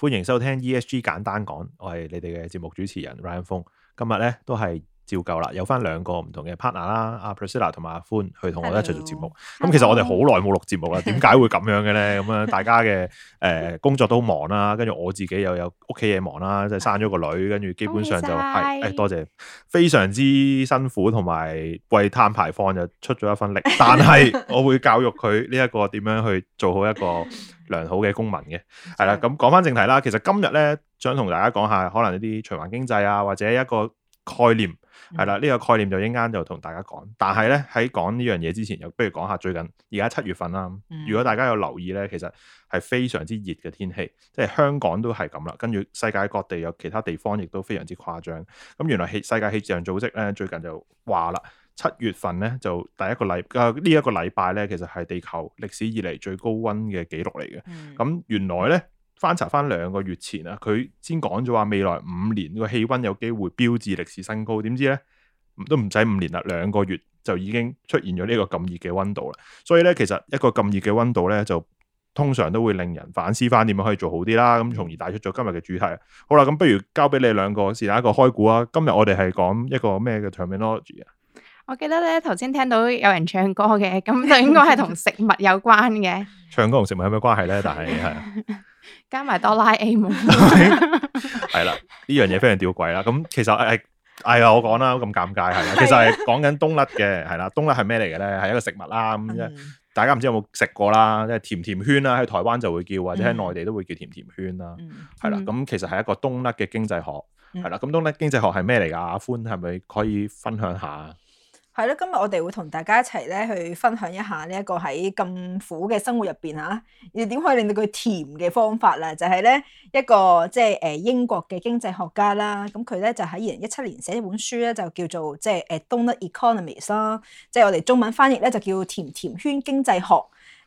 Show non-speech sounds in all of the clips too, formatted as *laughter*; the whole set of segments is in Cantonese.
歡迎收聽 E S G 簡單講，我係你哋嘅節目主持人 Ryan 風。今日咧都係照舊啦，有返兩個唔同嘅 partner 啦，啊，阿 Priscilla 同埋，啊、阿歡去同我一齊做節目。咁 Hello.、嗯、其實我哋好耐冇錄節目啦，點解 *laughs* 會咁樣嘅咧？咁、嗯、樣大家嘅誒、呃、工作都忙啦，跟住我自己又有屋企嘢忙啦，即、就、係、是、生咗個女，跟住基本上就係誒、 *laughs* 哎、多謝，非常之辛苦，同埋為碳排放就出咗一份力。但係我會教育佢呢一個點樣去做好一個。良好嘅公民嘅，係啦的。咁講翻正題啦，其實今日咧想同大家講下可能一啲循環經濟啊，或者一個概念，係啦、嗯，呢、這個概念就一陣間就同大家講。但係咧喺講呢樣嘢之前，又不如講下最近而家七月份啦。嗯、如果大家有留意咧，其實係非常之熱嘅天氣，即、就、係、是、香港都係咁啦，跟住世界各地有其他地方亦都非常之誇張。咁原來氣世界氣象組織咧最近就話啦。七月份咧就第一個禮，啊、這個、禮拜呢一個禮拜咧，其實係地球歷史以嚟最高温嘅記錄嚟嘅。咁、嗯、原來咧翻查翻兩個月前啊，佢先講咗話未來五年個氣温有機會標誌歷史新高，點知咧都唔使五年啦，兩個月就已經出現咗呢個咁熱嘅温度啦。所以咧，其實一個咁熱嘅温度咧，就通常都會令人反思翻點樣可以做好啲啦。咁從而帶出咗今日嘅主題。好啦，咁不如交俾你兩個試下，一個開估啊？今日我哋係講一個咩嘅 terminology 啊？我記得咧，頭先聽到有人唱歌嘅，咁就應該係同食物有關嘅。 *laughs* 唱歌同食物有咩關係咧？但係係、啊、 *laughs* 加埋哆啦 A 夢係啦，呢樣嘢非常吊詭啦。咁其實係係、哎哎、啊，我講啦，咁尷尬係啦。其實係講緊冬甩嘅，係啦、啊，冬甩係咩嚟嘅咧？係一個食物啦。咁、嗯、啫，嗯、大家唔知有冇食過啦，即係甜甜圈啦，喺台灣就會叫或者喺內地都會叫甜甜圈啦。係啦、嗯，咁、嗯、其實係一個冬甩嘅經濟學，係啦、嗯。咁、嗯、冬甩經濟學係咩嚟噶？阿歡係咪可以分享下？係咯，今日我哋會同大家一齊咧去分享一下呢一個喺咁苦嘅生活入邊吓，而點可以令到佢甜嘅方法啦？就係、是、咧一個即係誒英國嘅經濟學家啦，咁佢咧就喺二零一七年寫一本書咧，就叫做即係誒《東德經濟學》，即係我哋中文翻譯咧就叫《甜甜圈經濟學》。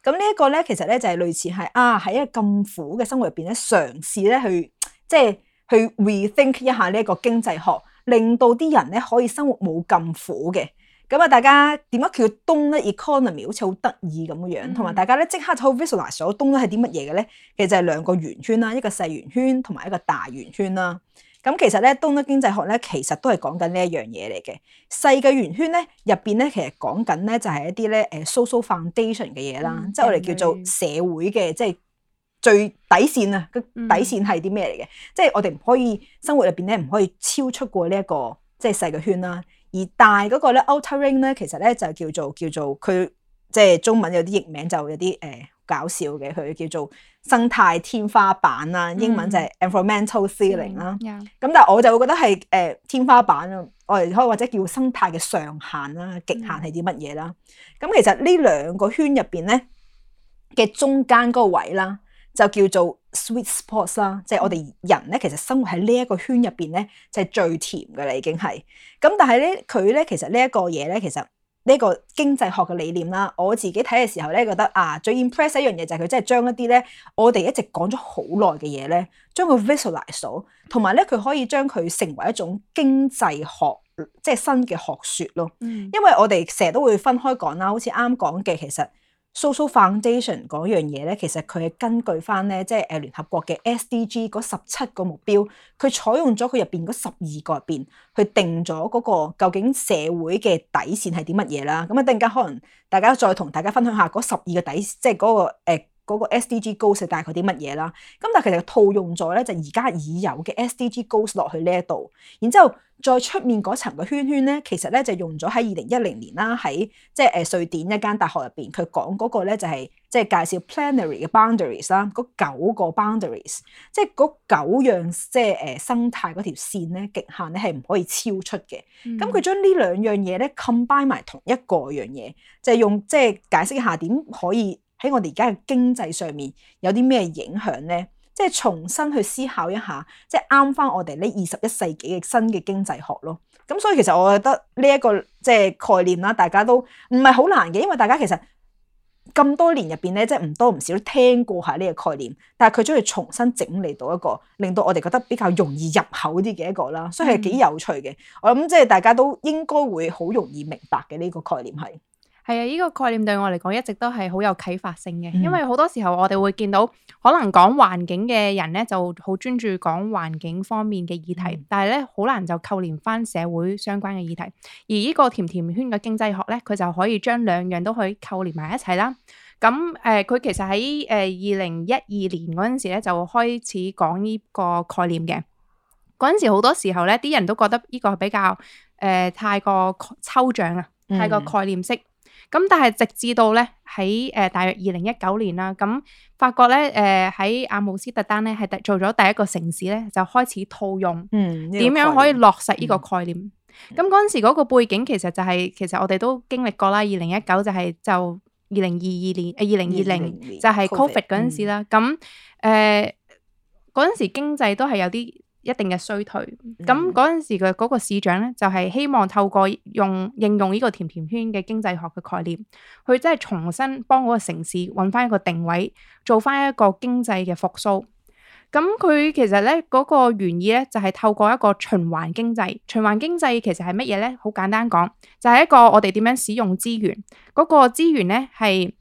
咁呢一個咧，其實咧就係類似係啊喺一個咁苦嘅生活入邊咧，嘗試咧去即係、就是、去 rethink 一下呢一個經濟學，令到啲人咧可以生活冇咁苦嘅。咁啊，大家點解叫冬甩 economy 好似好得意咁樣樣，同埋、嗯、大家咧即刻就 visualize 咗冬甩係啲乜嘢嘅咧？其實就係兩個圓圈啦，一個細圓圈同埋一個大圓圈啦。咁其實咧，冬甩經濟學咧其實都係講緊呢一樣嘢嚟嘅。細嘅圓圈咧入邊咧，其實講緊咧就係一啲咧誒 social foundation 嘅嘢啦，即係我哋叫做社會嘅，即係最底線啊。個、嗯、底線係啲咩嚟嘅？即係、嗯、我哋唔可以生活入邊咧，唔可以超出過呢、這、一個即係、就是、細嘅圈啦。而大嗰個咧 outer ring 咧，其實咧就叫做叫做佢即係中文有啲譯名，就有啲誒、呃、搞笑嘅，佢叫做生態天花板啦，英文就係 environmental ceiling 啦、嗯。咁、嗯嗯、但係我就會覺得係誒、呃、天花板啊，我哋可以或者叫生態嘅上限啦、極限係啲乜嘢啦。咁、嗯、其實呢兩個圈入邊咧嘅中間嗰個位啦，就叫做 sweet spots 啦，即係我哋人咧，其實生活喺呢一個圈入邊咧，就係最甜噶啦，已經係。咁但係咧，佢咧其實呢一個嘢咧，其實呢個經濟學嘅理念啦，我自己睇嘅時候咧，覺得啊，最 impress 一樣嘢就係佢真係將一啲咧，我哋一直講咗好耐嘅嘢咧，將佢 visualize 到，同埋咧佢可以將佢成為一種經濟學，即係新嘅學說咯。嗯，因為我哋成日都會分開講啦，好似啱講嘅，其實。Social Foundation 嗰樣嘢咧，其實佢係根據翻咧，即係誒聯合國嘅 SDG 嗰十七個目標，佢採用咗佢入邊嗰十二個入邊，去定咗嗰個究竟社會嘅底線係啲乜嘢啦？咁啊，一陣間可能大家再同大家分享下嗰十二個底，即係嗰、嗰個、呃嗰個 SDG goals 係大概啲乜嘢啦？咁但係其實套用咗咧，就而家已有嘅 SDG goals 落去呢一度，然之後再出面嗰層嘅圈圈咧，其實咧就用咗喺二零一零年啦，喺即係誒瑞典一間大學入邊，佢講嗰個咧就係即係介紹 planetary 嘅 boundaries 啦，嗰九個 boundaries，即係嗰九樣即係誒生態嗰條線咧極限咧係唔可以超出嘅。咁佢將呢兩樣嘢咧 combine 埋同一個樣嘢，就係、是、用即係、就是、解釋一下點可以。喺我哋而家嘅經濟上面有啲咩影響咧？即係重新去思考一下，即係啱返我哋呢二十一世紀嘅新嘅經濟學咯。咁所以其實我覺得呢一個即係概念啦，大家都唔係好難嘅，因為大家其實咁多年入邊咧，即係唔多唔少都聽過下呢個概念。但係佢將佢重新整理到一個令到我哋覺得比較容易入口啲嘅一個啦，所以係幾有趣嘅。嗯、我諗即係大家都應該會好容易明白嘅呢、呢個概念係。係啊，呢個概念對我嚟講一直都係好有啟發性嘅，因為好多時候我哋會見到可能講環境嘅人咧，就好專注講環境方面嘅議題，嗯、但係咧好難就扣連返社會相關嘅議題。而呢個甜甜圈嘅經濟學咧，佢就可以將兩樣都可以扣連埋一齊啦。咁誒，佢、呃、其實喺誒二零一二年嗰陣時咧，就開始講呢個概念嘅。嗰陣時好多時候咧，啲人都覺得呢個比較誒、呃、太過抽象啊，太過概念式。嗯咁但係直至到咧喺誒大約二零一九年啦，咁發覺咧誒喺阿姆斯特丹咧係第做咗第一個城市咧，就開始套用點樣、嗯這個、可以落實呢個概念。咁嗰陣時嗰個背景其實就係、是、其實我哋都經歷過啦。二零一九就係就二零二二年誒二零二零就係 CO COVID 嗰、嗯、時啦。咁誒嗰陣時經濟都係有啲。一定嘅衰退，咁嗰陣時嘅嗰個市長咧，就係希望透過用應用呢個甜甜圈嘅經濟學嘅概念，佢真係重新幫嗰個城市搵返一個定位，做返一個經濟嘅復甦。咁佢其實咧嗰個原意咧，就係透過一個循環經濟。循環經濟其實係乜嘢咧？好簡單講，就係一個我哋點樣使用資源嗰個資源咧，係。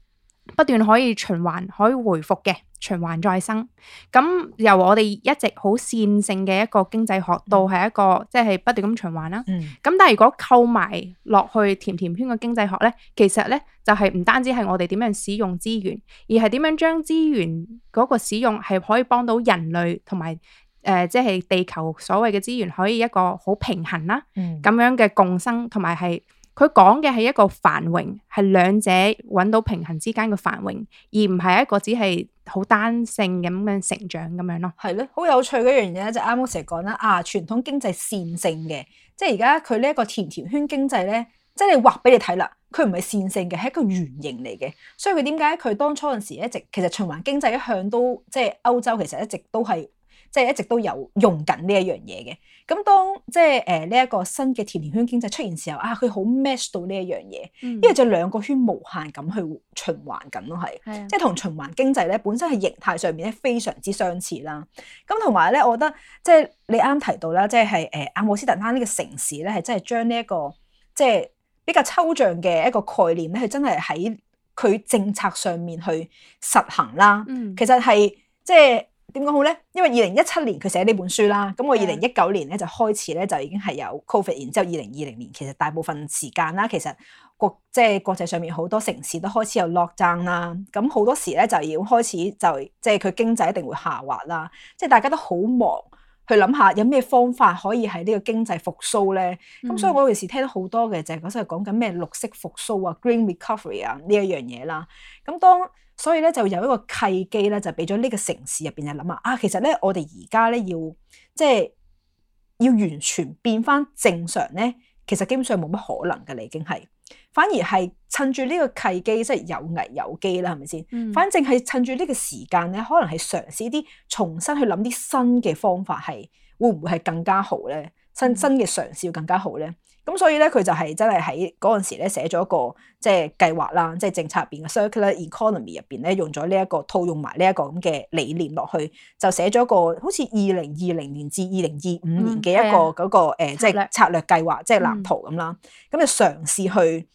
不斷可以循環可以回復嘅循環再生，咁由我哋一直好線性嘅一個經濟學到係一個即係不斷咁循環啦。咁、嗯、但係如果購埋落去甜甜圈嘅經濟學咧，其實咧就係唔單止係我哋點樣使用資源，而係點樣將資源嗰個使用係可以幫到人類同埋誒，即係地球所謂嘅資源可以一個好平衡啦，咁、嗯、樣嘅共生同埋係。佢講嘅係一個繁榮，係兩者揾到平衡之間嘅繁榮，而唔係一個只係好單性咁樣成長咁樣咯。係咯，好有趣嘅一樣嘢就啱嗰時講啦。啊，傳統經濟線性嘅，即係而家佢呢個甜甜圈經濟呢，即係畫俾你睇啦。佢唔係線性嘅，係一個圓形嚟嘅，所以佢點解佢當初嗰時一直其實循環經濟一向都即係歐洲其實一直都係。即係一直都有用緊呢一樣嘢嘅，咁當即係誒呢一個新嘅甜甜圈經濟出現時候啊，佢好 match 到呢一樣嘢，嗯、因為就兩個圈無限咁去循環緊咯，係、嗯，即係同循環經濟咧本身喺形態上面咧非常之相似啦。咁同埋咧，我覺得即係你啱提到啦，即係誒阿姆斯特丹呢個城市咧，這個，係真係將呢一個即係比較抽象嘅一個概念咧，係真係喺佢政策上面去實行啦。嗯、其實係即係。點講好咧？因為二零一七年佢寫呢本書啦，咁 Yeah. 我二零一九年咧就開始咧就已經係有 COVID，然之後二零二零年其實大部分時間啦，其實國即係、就是、國際上面好多城市都開始有 lockdown 啦，咁好多時咧就要開始就即係佢經濟一定會下滑啦，即係大家都好忙去諗下有咩方法可以喺呢個經濟復甦咧，咁、mm. 所以我嗰陣時聽到好多嘅就係講緊咩綠色復甦啊，Green Recovery 啊呢一樣嘢啦，咁當。所以咧就有一個契機咧，就俾咗呢個城市入邊就諗啊，啊其實咧我哋而家咧要即係要完全變翻正常咧，其實基本上冇乜可能噶啦，已經係反而係趁住呢個契機，即係有危有機啦，係咪先？嗯、反正係趁住呢個時間咧，可能係嘗試啲重新去諗啲新嘅方法，係會唔會係更加好咧？新新嘅嘗試要更加好咧？咁所以咧，佢就係真係喺嗰陣時咧寫咗一個即係計劃啦，即係政策入邊嘅 circular economy 入邊咧，用咗呢一個套用埋呢一個咁嘅理念落去，就寫咗個好似二零二零年至二零二五年嘅一個嗰、嗯、個誒、呃，即係策略計劃，即係藍圖咁啦。咁就嘗試去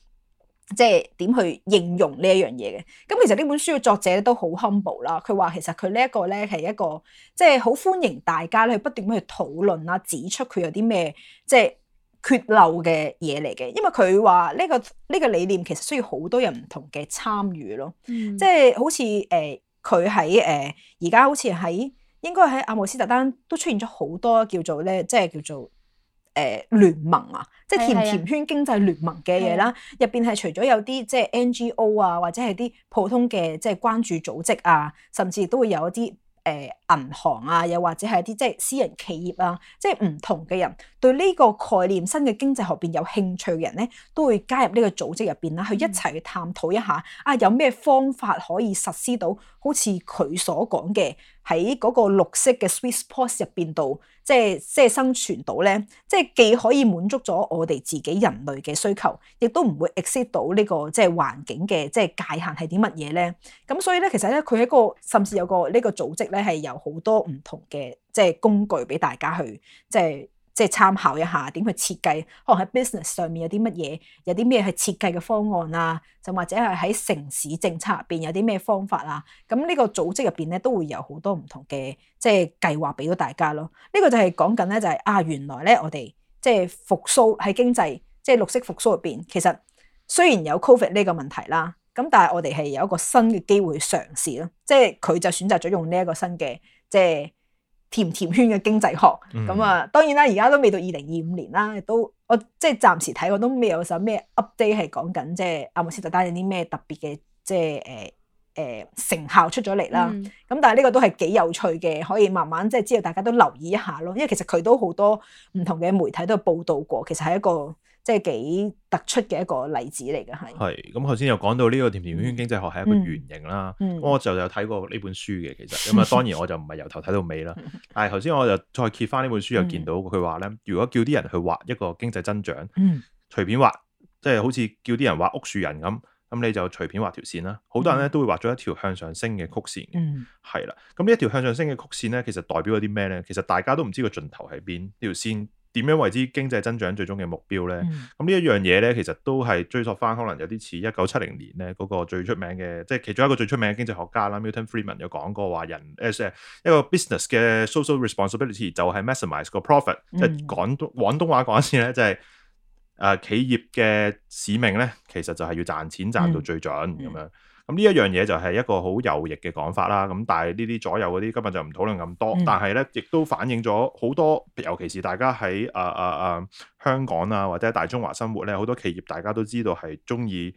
即係點去應用呢一樣嘢嘅。咁其實呢本書嘅作者都好 humble 啦。佢話其實佢呢一個咧係一個即係好歡迎大家咧去不斷去討論啦，指出佢有啲咩即係。缺漏嘅嘢嚟嘅，因為佢話呢個呢、呢個理念其實需要好多人唔同嘅參與咯，嗯、即係好似誒佢喺誒而家好似喺應該喺阿姆斯特丹都出現咗好多叫做咧，即係叫做誒、呃、聯盟啊，即係甜甜圈經濟聯盟嘅嘢啦，入邊係除咗有啲即係 NGO 啊，或者係啲普通嘅即係關注組織啊，甚至都會有一啲。誒，銀行啊，又或者係一啲即係私人企業啊，即係唔同嘅人對呢個概念，新嘅經濟學入邊有興趣嘅人咧，都會加入呢個組織入邊啦，去一齊去探討一下啊，有咩方法可以實施到，好似佢所講嘅。喺嗰個綠色嘅 sweet spot 入邊度，即係即係生存到咧，即係既可以滿足咗我哋自己人類嘅需求，亦都唔會 exceed 到呢個即係環境嘅即係界限係啲乜嘢咧？咁所以咧，其實咧佢係一個甚至有個呢個組織咧，係有好多唔同嘅即係工具俾大家去即係。即係參考一下點去設計，可能喺 business 上面有啲乜嘢，有啲咩係設計嘅方案啊，就或者係喺城市政策入邊有啲咩方法啊。咁呢個組織入邊咧都會有好多唔同嘅即係計劃俾到大家咯。呢個就係講緊咧，就係啊原來咧我哋即係復甦喺經濟即係綠色復甦入邊，其實雖然有 covid 呢個問題啦，咁但係我哋係有一個新嘅機會去嘗試咯。即係佢就選擇咗用呢一個新嘅即係。甜甜圈嘅經濟學，咁啊、嗯、當然啦，而家都未到二零二五年啦，都我即係暫時睇我都未有首咩 update 係講緊即係阿姆斯特丹有啲咩特別嘅即係誒誒成效出咗嚟啦。咁、嗯、但係呢個都係幾有趣嘅，可以慢慢即係知道大家都留意一下咯。因為其實佢都好多唔同嘅媒體都有報道過，其實係一個。即係幾突出嘅一個例子嚟嘅，係。係咁，頭先又講到呢個甜甜圈經濟學係一個圓形啦。咁、嗯嗯、我就有睇過呢本書嘅，其實咁啊，當然我就唔係由頭睇到尾啦。 *laughs* 但係頭先我就再揭翻呢本書，嗯、又見到佢話咧，如果叫啲人去畫一個經濟增長，嗯、隨便畫，即、就、係、是、好似叫啲人畫屋樹人咁，咁你就隨便畫條線啦。好、嗯、多人咧都會畫咗一條向上升嘅曲線，係啦、嗯。咁呢一條向上升嘅曲線咧，其實代表咗啲咩咧？其實大家都唔知個盡頭係邊呢條線。點樣為之經濟增長最終嘅目標咧？咁呢一樣嘢咧，其實都係追溯返，可能有啲似一九七零年咧嗰個最出名嘅，即係其中一個最出名嘅經濟學家啦。嗯、Milton Friedman 有講過話，人、呃、誒、呃、一個 business 嘅 social responsibility 就係 maximise 個 profit，嗯、即係廣東廣東話講一次咧，就係誒企業嘅使命咧，其實就係要賺錢賺到最盡咁樣。嗯嗯。咁呢一樣嘢就係一個好右翼嘅講法啦。咁但係呢啲左右嗰啲，今日就唔討論咁多。但係咧，亦都反映咗好多，尤其是大家喺啊啊啊香港啊或者大中華生活咧，好多企業大家都知道係中意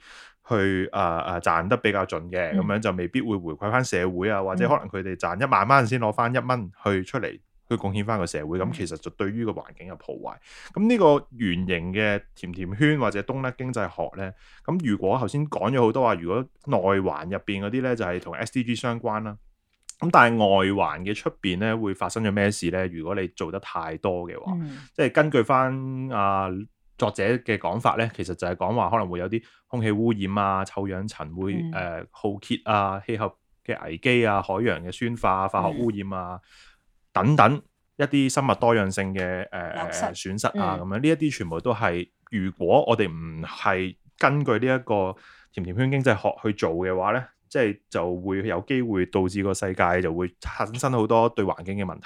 去啊啊、呃、賺得比較盡嘅，咁、嗯、樣就未必會回饋翻社會啊，或者可能佢哋賺一萬蚊先攞翻一蚊去出嚟。佢貢獻翻個社會，咁其實就對於個環境嘅破壞。咁呢個圓形嘅甜甜圈或者冬甩經濟學咧，咁如果頭先講咗好多話，如果內環入邊嗰啲咧就係同 SDG 相關啦。咁但係外環嘅出邊咧會發生咗咩事咧？如果你做得太多嘅話，嗯、即係根據翻阿、啊、作者嘅講法咧，其實就係講話可能會有啲空氣污染啊、臭氧層會誒、呃、耗竭啊、氣候嘅危機啊、海洋嘅酸化、化學污染啊。嗯嗯等等一啲生物多樣性嘅誒、呃、流失損失啊，咁樣呢一啲全部都係，如果我哋唔係根據呢一個甜甜圈經濟學去做嘅話咧。即係就會有機會導致個世界就會產生好多對環境嘅問題。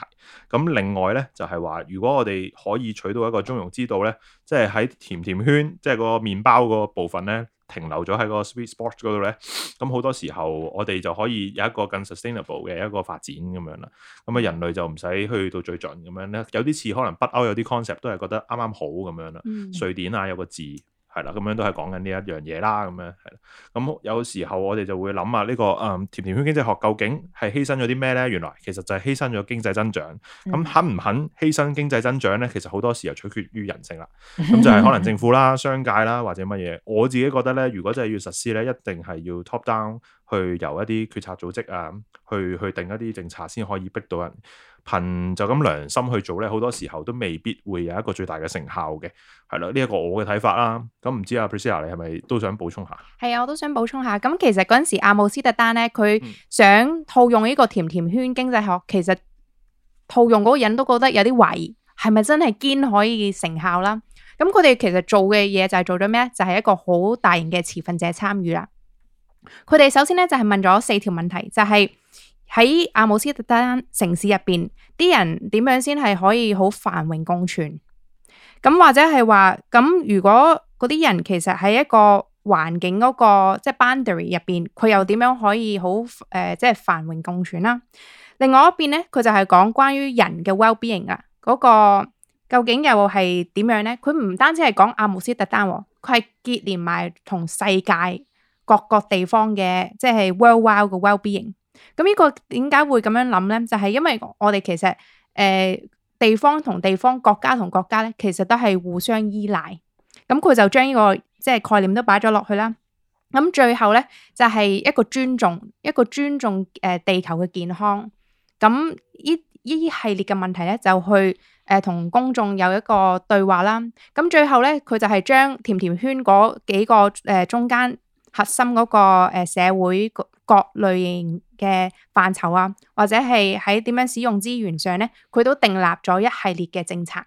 咁另外咧，就係話如果我哋可以取到一個中庸之道咧，即係喺甜甜圈，即係個麵包個部分咧停留咗喺個 sweet spot 嗰度咧，咁好多時候我哋就可以有一個更 sustainable 嘅一個發展咁樣啦。咁啊人類就唔使去到最盡咁樣咧。有啲似可能北歐有啲 concept 都係覺得啱啱好咁樣啦。嗯、瑞典啊有個字。係啦，咁樣都係講緊呢一樣嘢啦，咁樣係啦。咁有時候我哋就會諗下、這個，呢個嗯甜甜圈經濟學究竟係犧牲咗啲咩咧？原來其實就係犧牲咗經濟增長。咁肯唔肯犧牲經濟增長咧？其實好多時候取決於人性啦。咁就係可能政府啦、商界啦或者乜嘢。我自己覺得咧，如果真係要實施咧，一定係要 top down 去由一啲決策組織啊。去去定一啲政策先可以逼到人憑就咁良心去做咧，好多時候都未必會有一個最大嘅成效嘅，係啦，呢、這、一個我嘅睇法啦。咁唔知阿、啊、 *noise* Priscilla 你係咪都想補充下？係啊，我都想補充下。咁其實嗰陣時阿姆斯特丹咧，佢想套用呢個甜甜圈經濟學，其實套用嗰個人都覺得有啲懷疑，係咪真係堅可以成效啦？咁佢哋其實做嘅嘢就係做咗咩？就係、是、一個好大型嘅持份者參與啦。佢哋首先咧就係、是、問咗四條問題，就係、是。喺阿姆斯特丹城市入邊，啲人點樣先係可以好繁榮共存咁？或者係話咁？如果嗰啲人其實喺一個環境嗰、那個即係、就是、boundary 入邊，佢又點樣可以好誒，即、呃、係、就是、繁榮共存啦？另外一邊咧，佢就係講關於人嘅 well being 啦，嗰個究竟又係點樣咧？佢唔單止係講阿姆斯特丹，佢係結連埋同世界各個地方嘅即係、就是、worldwide 嘅 well being。咁呢個點解會咁樣諗呢？就係、是、因為我哋其實誒、呃、地方同地方、國家同國家咧，其實都係互相依賴。咁佢就將呢、這個即係、就是、概念都擺咗落去啦。咁最後呢，就係、是、一個尊重，一個尊重誒地球嘅健康。咁呢呢一系列嘅問題呢，就去誒同、呃、公眾有一個對話啦。咁最後呢，佢就係將甜甜圈嗰幾個、呃、中間核心嗰、那個、呃、社會。各類型嘅範疇啊，或者係喺點樣使用資源上咧，佢都訂立咗一系列嘅政策。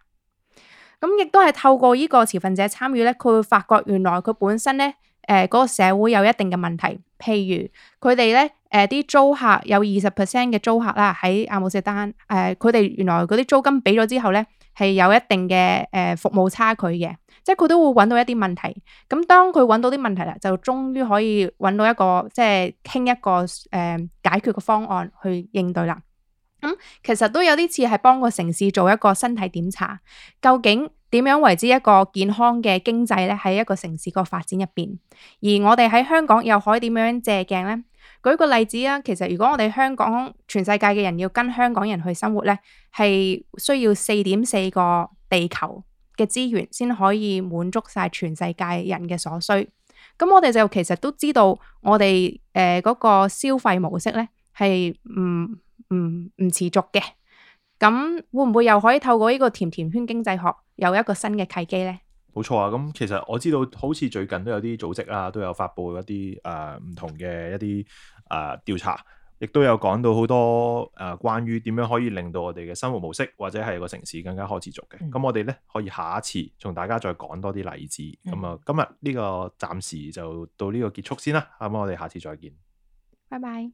咁亦都係透過呢個持份者參與咧，佢會發覺原來佢本身咧，誒嗰個社會有一定嘅問題，譬如佢哋咧，誒啲租客有二十 percent 嘅租客啦，喺阿姆斯特丹，誒佢哋原來嗰啲租金俾咗之後咧。係有一定嘅誒服務差距嘅，即係佢都會揾到一啲問題。咁當佢揾到啲問題啦，就終於可以揾到一個即係傾一個誒、呃、解決嘅方案去應對啦、嗯。其實都有啲似係幫個城市做一個身體檢查，究竟點樣為之一個健康嘅經濟呢？喺一個城市個發展入邊，而我哋喺香港又可以點樣借鏡呢？舉個例子啊，其實如果我哋香港全世界嘅人要跟香港人去生活呢，係需要四點四個地球嘅資源先可以滿足晒全世界人嘅所需。咁我哋就其實都知道我哋誒嗰個消費模式呢，係唔唔持續嘅。咁會唔會又可以透過呢個甜甜圈經濟學有一個新嘅契機呢？冇錯啊，咁其實我知道好似最近都有啲組織啊，都有發佈一啲誒唔同嘅一啲誒調查，亦都有講到好多誒、呃、關於點樣可以令到我哋嘅生活模式或者係個城市更加可持續嘅。咁、嗯、我哋咧可以下一次同大家再講多啲例子。咁啊、嗯，今日呢個暫時就到呢個結束先啦。啱啱我哋下次再見，拜拜。